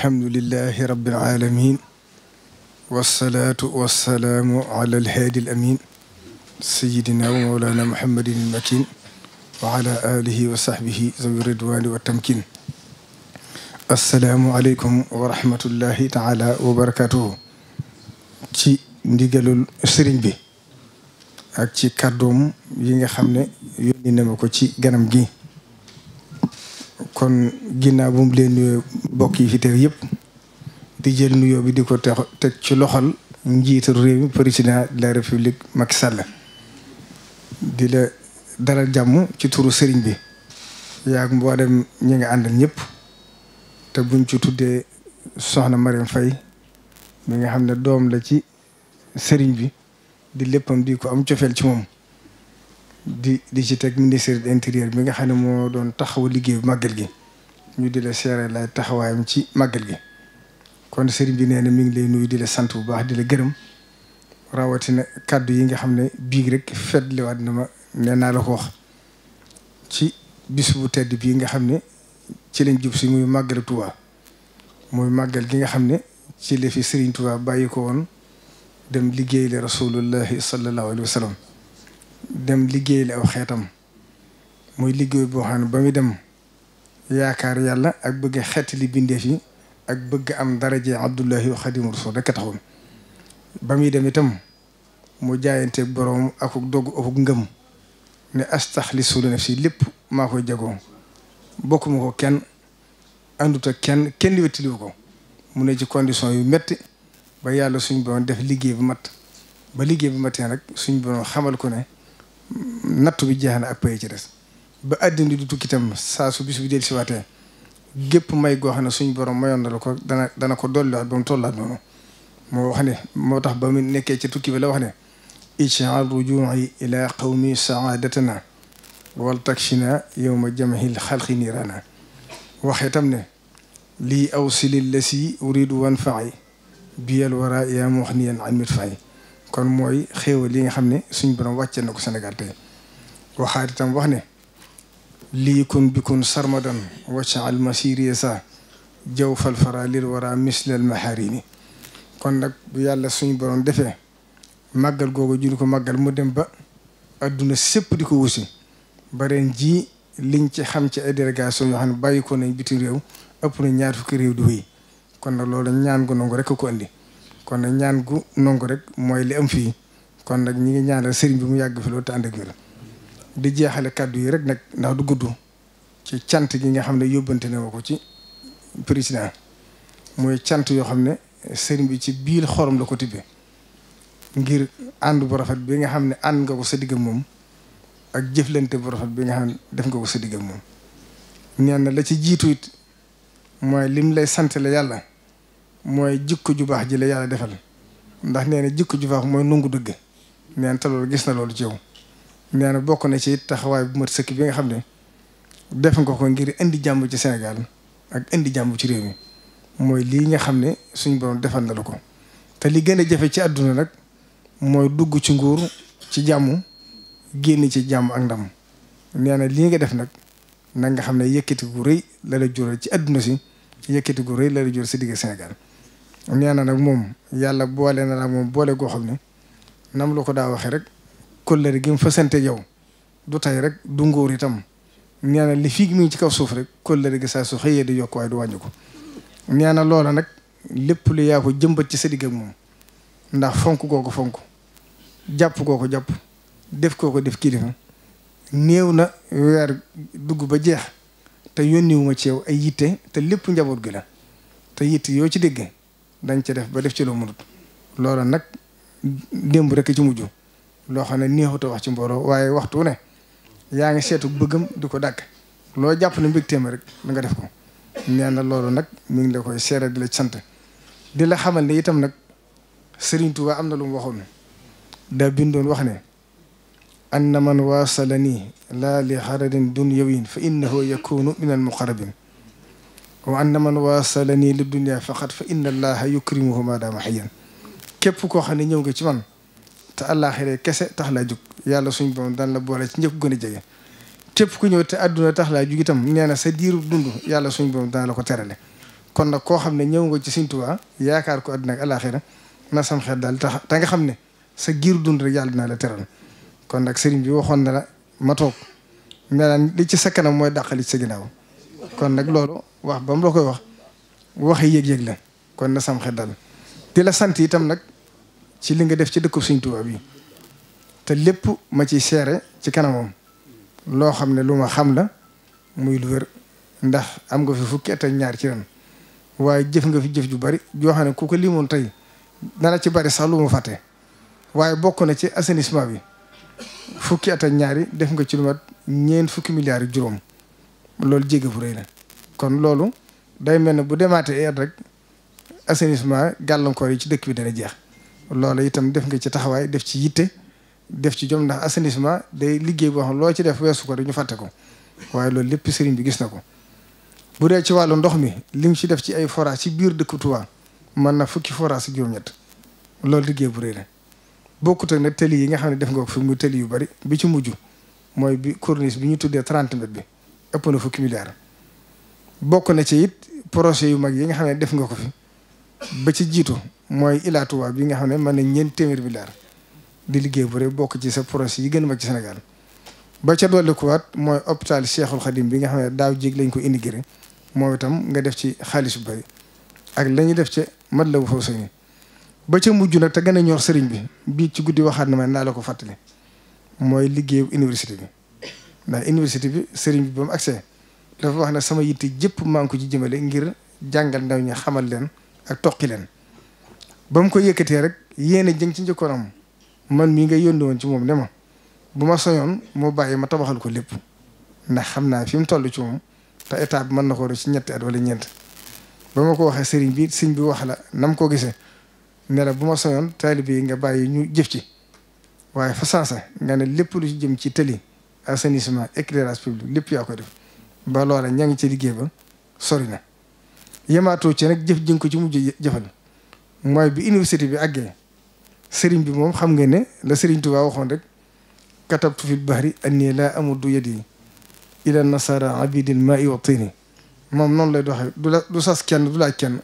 alhamdulilahi rabbil aalamiin wasalaatu wasalaamu ala alhaadi alamin sayidina wa mawlana muhammadin almakin wa alihi wa sahbihi zawi ridwani aleykum wa taala wa ci ndigalul sëriñ bi ak ci kàddoom yi nga xam ne yónni ci ganam gi kon ginnaaw bu mu leen nuyoo mbokk yi fi teew yëpp di jël nuyoo bi di ko te ci loxol njiitu réew mi président de la république Macky Sall di la daral jàmm ci turu sëriñ bi yaa ak mboolem ñi nga àndal ñëpp te buñ ci tuddee soxna Mariam Faye mi nga xam ne doom la ci sëriñ bi di léppam di ko am cofeel ci moom di di ci teg de l'intérieur mi nga xam ne moo doon taxaw liggéeyu màggal gi ñu di la seere lay taxawaayam ci màggal gi kon sëriñ bi nee na mi ngi lay nuyu di la sant bu baax di la gërëm rawatina kàddu yi nga xam ne bii rek fetliwaat ma nee naa la ko wax ci bis bu tedd bii nga xam ne ci lañ jub si muy màggal Tuubaa muy màggal gi nga xam ne ci la fi sëriñ Tuubaa bàyyi ko woon dem liggéey la rasulullahi sallallahu alayhi wa dem liggéey la aw xeetam muy liggéey boo xam ne ba muy dem yaakaar yàlla ak bëgg a li bindeef yi ak bëgg am daraje Abdullahi Xadimu Rasul rekk taxoon ba muy dem itam mu jaayante boroom akuk dogg akuk ngëm ne astaxlisu li nafsi lépp maa koy jagoo bokkuma ko kenn àndut kenn kenn kenn wettiliwu ko mu ne ci condition yu metti ba yàlla suñ borom def liggéey bu mat ba liggéey bu matin rek suñ borom xamal ko ne nattu bi jeex na ak pay ci des ba du tukki itam saa su bis bi del gépp may goo xam ne suñu borom mayoon na la ko dana dana ko dolliwaat ba mu tollaat noonu moo wax ne moo tax ba mu nekkee ca tukki bi la wax ne ij'al rujuu'i ila qawmi saadatana wal takshina yawma jam'il xalqi niirana waxee tam ne lii aw silil la si uridu wan faxi biyal wara yaa muxniyan an mit faxi kon mooy xéewal yi nga xam ne suñ borom wàccee na ko Sénégal tey waxaat itam wax ne lii kun bikun sarmadan wacca al masiri sa jaw falfara lil wara mislal maharini kon nag bu yàlla suñu borom defee màggal googu juñ ko màggal mu dem ba adduna sépp di ko wusi ba ren ji liñ ci xam ci ay délégation yoo xam ne bàyyi nañ biti réew ëpp na ñaar fukki réew di wéy kon nag loolu ñaan gu nangu rek ko andi kon nag ñaan gu nongu rek mooy li am fii kon nag ñi ngi ñaanal sëriñ bi mu yàgg fi loolu te ànd ak wér di jeexale kàddu yi rek nag ndax du gudd ci cant yi nga xam ne yóbbante ne woo ko ci président mooy cant yoo xam ne sëriñ bi ci biir xorom la ko tibbee ngir ànd bu rafet bi nga xam ne ànd nga ko sa moom ak jëflante bu rafet bi nga xam ne def nga ko sa moom. nee na la ci jiitu it mooy lim lay sante la yàlla mooy jikko ju baax ji la yàlla defal ndax nee na jikko ju baax mooy nungu dëgg nee na te gis na loolu ci yow nee bokk na ci taxawaay bu mat sëkk bi nga xam ne def nga ko ngir indi jàmm ci Sénégal ak indi jàmm ci réew mi mooy lii nga xam ne suñ borom defal na la ko te li gën a jafe ci àdduna nag mooy dugg ci nguur ci jàmm génn ci jàmm ak ndam nee na lii nga def nag na nga xam ne yëkkati gu rëy la la jural ci àdduna si yëkkati gu rëy la la jural si digg Sénégal nee na nag moom yàlla boole na la moom boole goo xam ne nam la ko daa waxee rek kóllëre gi mu fasante yow du tay rek du ngóor itam nee li fii mu ngi ci kaw suuf rek kóllëre gi saa su xëyee di yokk waaye du wàññi ko nee loola nag lépp lu yaa ko jëmbat ci sa digg ak moom ndax fonk koo ko fonk jàpp koo ko jàpp def koo ko def kilifa néew na weer dugg ba jeex te yónniwu ci yow ay yitte te lépp njaboot gi la te yitte yoo ci dégg dañ ci def ba def ci loo munut loolo nag démb rek ci mujj loo xam ne neexut wax ci mbooloo waaye waxtu ne yaa ngi seetu bëggam du ko dàkk loo jàpp ne mbégteem rek da nga def ko nee na loolu nag mi ngi la koy seere di la sant di la xamal ne itam nag Sëriñ Tuubaa am na lu mu waxoon daa bindoon wax ne anna man waasala nii laa li xaradin dunyawin fa innahu yakunu min al muqarrabin wa anna man waasalani li dunia faqat fa inna allaha yukrimuhu maadaama xayyan képp koo xam ne ñëw nga ci man te àllaaxira kese tax laa jóg yàlla suñ boom daan la boole ci ñëpp gën jege képp ku ñëw te àdduna tax laa jóg itam na sa diiru dund yàlla suñ boom daan la ko terale kon nag koo xam ne ñëw nga ci Sëñ Tuubaa yaakaar ko àdduna ak àllaaxira na sam xel daal tax te nga xam ne sa giiru dund rek yàlla naa la teral kon nag sëriñ bi waxoon na la ma toog melaan li ci sa kanam mooy dàqali ci sa kon nag loolu wax ba mu la koy wax waxe yëg-yëg la kon na sam xel di la sant itam nag ci li nga def ci dëkku Sëriñ Tuubaa bi te lépp ma ci seere ci kanamam loo xam ne lu ma xam la muy lu wér ndax am nga fi fukki at ak ñaar ci ren waaye jëf nga fi jëf ju bari joo xam ne ku ko limoon tey dana ci bari sax lu mu fàtte waaye bokk na ci assainissement bi fukki at ak def nga ci lu mat ñeent fukki milliards juróom loolu jéggi bu rëy la kon loolu day mel ne bu demaatee at rek assainissement gàllankoor yi ci dëkk bi dana jeex loolu itam def nga ci taxawaay def ci yitte def ci jom ndax assainissement day liggéey boo loo ci def weesu ko rek ñu fàtte loolu lépp sëriñ bi gis na ko. bu dee ci wàllu ndox mi li mu ci def ci ay forage ci biir dëkk mën na fukki forage ak juróom loolu liggéey bu rëy la bokkut ak nag tëli yi nga xam ne def nga ko fi muy tëli yu bari bi ci mujj mooy bi corniche bi ñu tuddee 30 mètres bi. ëpp na fukki milliards bokk na ci it projet yu mag yi nga xam ne def nga ko fi ba ci jiitu mooy Ila Touba bi nga xam ne mën na ñeent téeméer milliards di liggéey bu rëy bokk ci sa projet yi gën a mag ci Sénégal ba ca dolli kuwaat mooy hôpital Cheikhul Khadim bi nga xam ne daaw jéeg lañ ko intégré moo itam nga def ci xaalis bu bëri ak la def ca mat la bu faw sañu ba ca mujj nag te gën a ñor sëriñ bi bii ci guddi waxaat na ma naa la ko fàttali mooy liggéeyu université bi ndax université bi sëriñ bi ba mu accès dafa wax ne sama yitte jëpp maa ngi ko ci jëmale ngir jàngal ndaw ñi xamal leen ak toqi leen ba ko yëkkatee rek yéene jëng ci njëkkoon am man mi nga yónni woon ci moom ne ma bu ma soñoon moo bàyyi ma tabaxal ko lépp ndax xam naa fi mu toll ci moom te état bi mën na ko ci ñetti at wala ñeent ba ma ko waxee sëriñ bi sëñ bi wax la nam ko gisee ne la bu ma soñoon taalibe yi nga bàyyi ñu jëf ci waaye fa saasa nga ne lépp lu jëm ci tëli assainissement éclairage public lépp yaa ko def ba loola ña ngi ci liggéey ba sori na yemaatoo ci nag jëf jën ko ci mujj jëfal mooy bi université bi àggee sëriñ bi moom xam nga ne la sëriñ Tuubaa waxoon rek katabtu a bahri anni laa du yadi ila nasara abidil ma'i wa tini moom noonu lay doxee du la du sas kenn du laaj kenn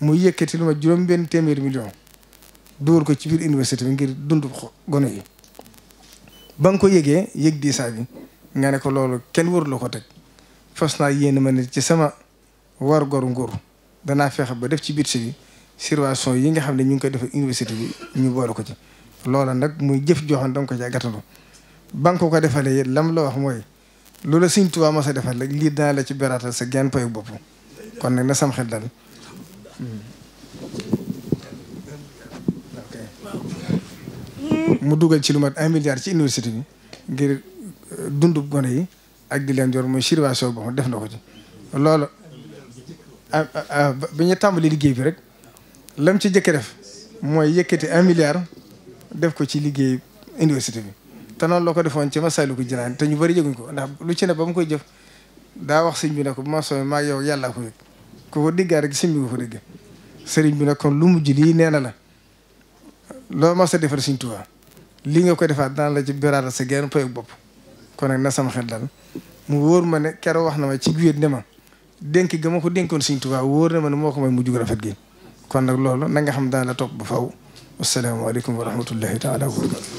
mu yëkk lu ma juróom benn téeméeri million dugal ko ci biir université bi ngir dund gone yi ba nga ko yëgee yëg diisaa nga ne ko loolu kenn waru la ko teg fas naa yéen ma ne ci sama war goru nguur danaa fexe ba def ci biir si bi situation yi nga xam ne ñu ngi koy defee université bi ñu boole ko ci loola nag muy jëf joxoon danga ko ci gàttandu ba nga ko ko defalee lam la wax mooy loola Sëñ Tuubaa moo sa defal rek lii dana la ci beraatal sa genn payu bopp kon nag na sam xel dal mu dugal ci lu mat un milliard ci université bi ngir euh, dundu gone yi ak di leen yor mooy surveillance boobu def na ko ci. loolu ah, ah, ah, bi ñu tàmbali liggéey bi rek lam ci jëkk def mooy yëkkati un milliard def ko ci liggéey université bi te noonu la ko defoon ci Masaalikul Jinaan te ñu bari yëguñ ko ndax lu ci ne ba mu koy jëf daa wax sëñ bi ne ko bu ma soobee maa yow yàllaa ko ko dégg sëriñ bi nag kon lu mujj lii nee na la loo ma sa defar sëñ Tuubaa lii nga ko defaat daan la ci biraata sa genn payu bopp kon nag na sama xel dal mu wóor ma ne keroog wax na ma ci wéet ne ma dénk ga ma ko dénkoon Sëriñ Tuubaa wóor na ma ne moo ko may mujj gu rafet gi kon nag loolu na nga xam daan la topp ba faw asalaamaaleykum wa rahmatullahi taala wa barakatu